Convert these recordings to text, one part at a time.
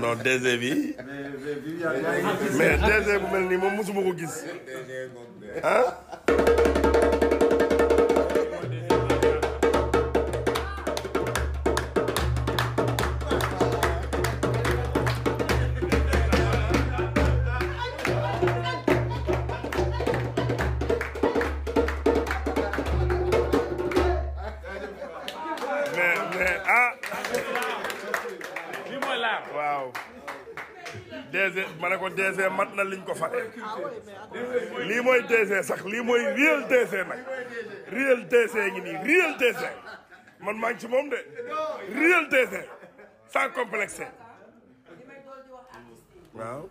non DG bi. mais DG bu mel nii moom mosuma ko gis. ah. dollars. waaw. DG ma ko DG mat na liñ ko fare lii mooy DG sax lii mooy real DG nag real DG ngi nii real man maa ci moom de real DG sans complexe. waaw.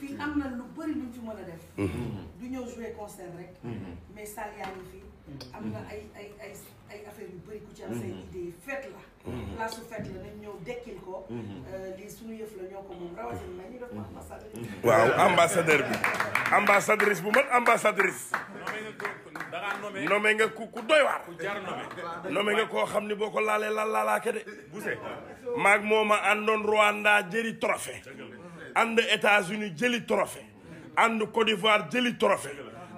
fii am na lu bëri luñ ci mën a def du ñëw jouer concert rek mais salle yaa ngi fi am na ay ay ay yu bëri ku ci am say idée la place su fête la nañ ñëw dekkil ko lii suñu yëf la ñoo ko moom rawatina na ñu def ambassadeur waaw ku doy waar nommé nga koo xam ni boo ko laalee laal laalaake de buse maag mooma àndoon Rwanda jëri trophée ànd États-Unis jëli trophée ànd Côte d'Ivoire jëli trophée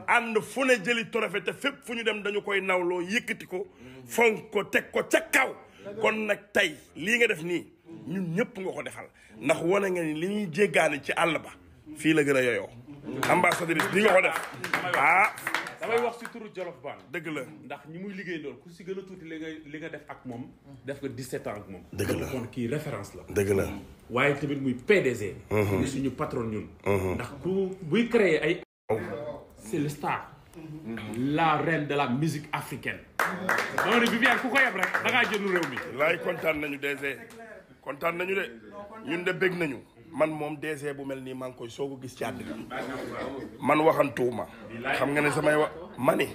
ànd fu ne jëli trophée te fépp fu ñu dem dañu koy nawloo yëkkati ko fonk ko teg ko ca kaw kon nag tey lii nga def nii ñun ñëpp nga ko defal ndax wane nga ni li ñuy jéggaani ci àll ba fii la gën a yoyoo ambassadrice bi nga ko def ah turu Jolof Band. dëgg la ndax ñi muy liggéey ndool ku si gën a tuuti li nga li nga def ak moom. Mm-hmm. def ko 17 ans ak moom. dëgg la kon kii la. dëgg la waaye tamit muy PDG. muy mm-hmm. suñu patron ñun. Mm-hmm. ndax ku buy créer ay. Oh. c'est le star. la reine de la musique africaine. dama ne Viviane ku ko yab rek da ngaa jënd réew mi. laay kontaan nañu DG kontaan nañu de ñun de bég nañu. man moom DG bu mel nii maa ngi koy soog a gis ci àddina man waxantuuma xam nga ne samay ma ni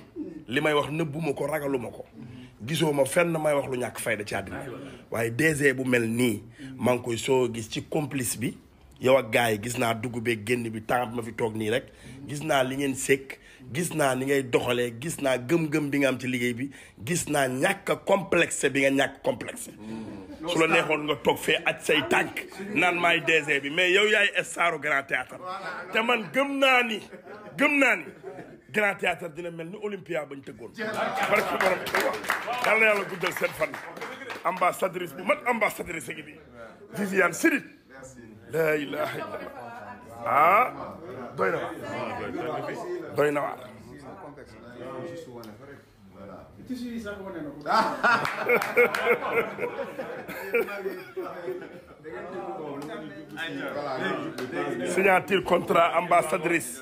li may wax nëbbuma ko ragaluma ko gisoo ma fenn may wax lu ñàkk fayda ci àddina waaye DG bu mel nii maa ngi koy soo gis ci complice bi yow ak gars yi gis naa dugg génn bi temps ma fi toog nii rek gis naa li ngeen sekk gis naa ni ngay doxalee gis naa gëm-gëm bi nga am ci liggéey bi gis naa ñàkk complexe bi nga ñàkk complexe mm. su la neexoon nga toog fee aj say tànk naan maay DG bi mais yow yaay staru grand théâtre te man gëm naa ni gëm naa ni grand théâtre dina mel ni Olympia bañ tëggoon. barki borom waaw yàlla yàlla guddal seen fan. ambassadrice bu mat ambassadrice gi bi Viviane Siri. la ilaha illallah ah doy na waar. doy na waar. signature contrat ambassadrice.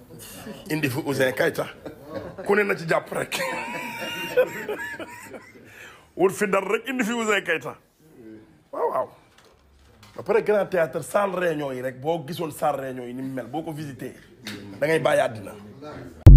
indi fi Ouzin Keita ku ne na ci jàpp rek wut fi dar rek indi fi Ouzin Keita waaw waaw ba pare grand théâtre salle réunion yi rek boo gisoon salle réunion yi ni mel boo ko visité da ngay bàyyi àddina